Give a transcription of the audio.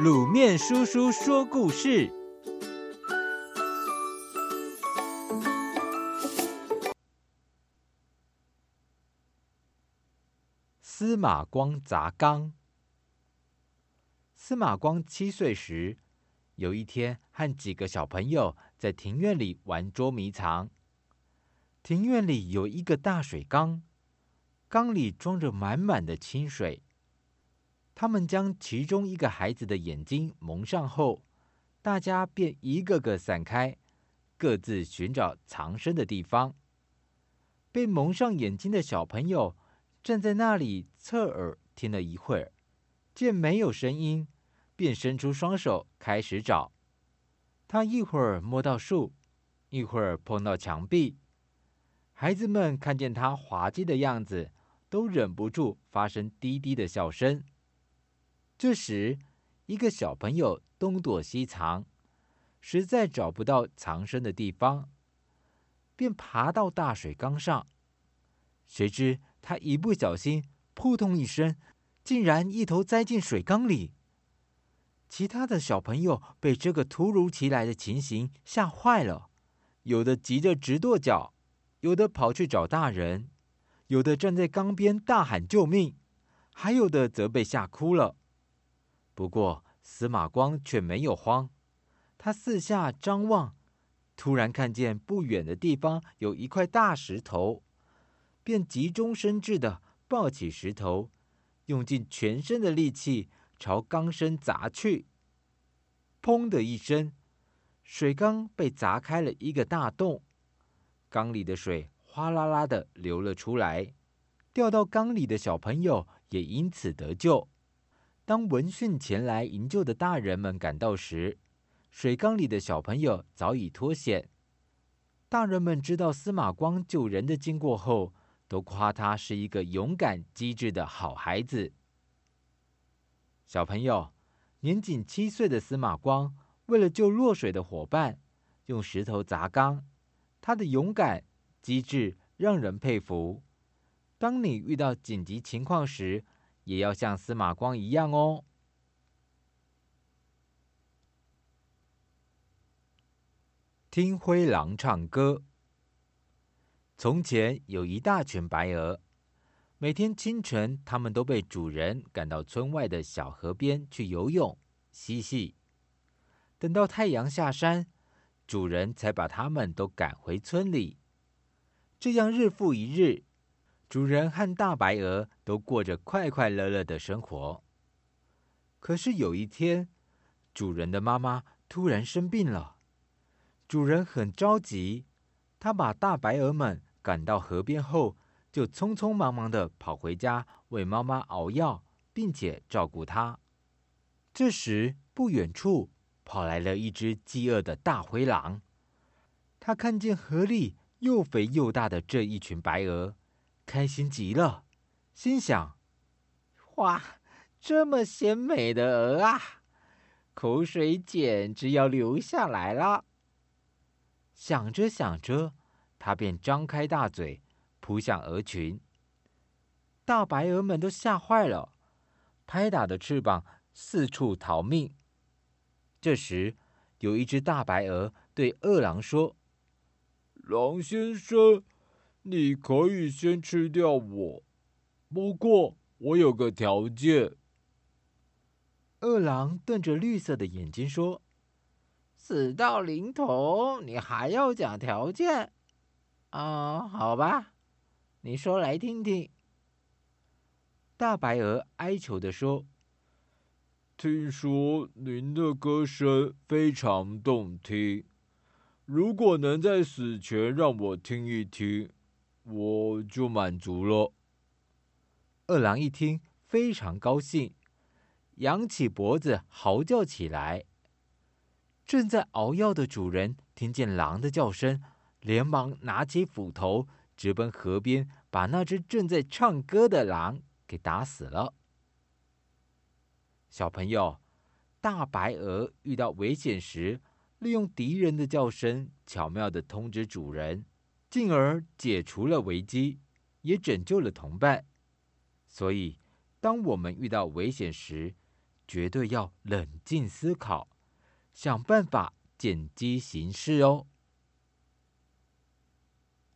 滷麵叔叔說故事：司馬光砸缸。司馬光七歲時，有一天和幾個小朋友在庭院裡玩捉迷藏。庭院裡有一個大水缸，缸裡裝着滿滿的清水。他們將其中一個孩子的眼睛蒙上後，大家便一個個散開，各自尋找藏身的地方。被蒙上眼睛的小朋友站在那裡側耳聽了一會兒，見沒有聲音，便伸出雙手開始找。他一會兒摸到樹，一會兒碰到牆壁。孩子們看見他滑稽的樣子，都忍不住發出低低的笑聲。這時，一個小朋友東躲西藏，實在找不到藏身的地方，便爬到大水缸上。誰知他一不小心，撲通一聲，竟然一頭栽進水缸裡。其他的小朋友被這個突如其來的情形嚇壞了，有的急着直跺腳，有的跑去找大人，有的站在缸邊大喊救命，還有的則被嚇哭了。不過，司馬光卻沒有慌，他四下張望，突然看見不遠的地方有一塊大石頭，便急中生智地抱起石頭，用盡全身的力氣朝缸身砸去。砰的一聲，水缸被砸開了一個大洞，缸裡的水嘩啦啦地流了出來，掉到缸裡的小朋友也因此得救。當聞訊前來營救的大人們趕到時，水缸裡的小朋友早已脫險。大人們知道司馬光救人的經過後，都誇他是一個勇敢機智的好孩子。小朋友，年僅七歲的司馬光，為了救落水的夥伴，用石頭砸缸，他的勇敢機智讓人佩服。當你遇到緊急情況時，也要像司馬光一樣哦。聽灰狼唱歌。從前有一大群白鵝，每天清晨，它們都被主人趕到村外的小河邊去游泳嬉戲。等到太陽下山，主人才把它們都趕回村裡。這樣日復一日。主人和大白鵝都過着快快樂樂的生活。可是有一天，主人的媽媽突然生病了，主人很着急。他把大白鵝們趕到河邊後，就匆匆忙忙的跑回家為媽媽熬藥，並且照顧它。這時，不遠處跑來了一只飢餓的大灰狼。他看見河裡又肥又大的這一群白鵝。開心極了，心想：“哇，這麼鮮美的鵝啊，口水簡直要流下來了。”想着想着，他便張開大嘴，撲向鵝群。大白鵝們都嚇壞了，拍打着翅膀，四處逃命。這時，有一只大白鵝對餓狼說：“狼先生。”你可以先吃掉我，不過我有個條件。餓狼瞪着綠色的眼睛說：“死到臨頭，你還要講條件？啊，好吧，你說來聽聽。”大白鵝哀求地說：“聽說您的歌聲非常動聽，如果能在死前讓我聽一聽。”我就滿足了。餓狼一聽，非常高興，揚起脖子嚎叫起來。正在熬藥的主人聽見狼的叫聲，連忙拿起斧頭，直奔河邊，把那隻正在唱歌的狼給打死了。小朋友，大白鵝遇到危險時，利用敵人的叫聲，巧妙的通知主人。進而解除了危機，也拯救了同伴。所以，當我們遇到危險時，絕對要冷靜思考，想辦法見機行事哦。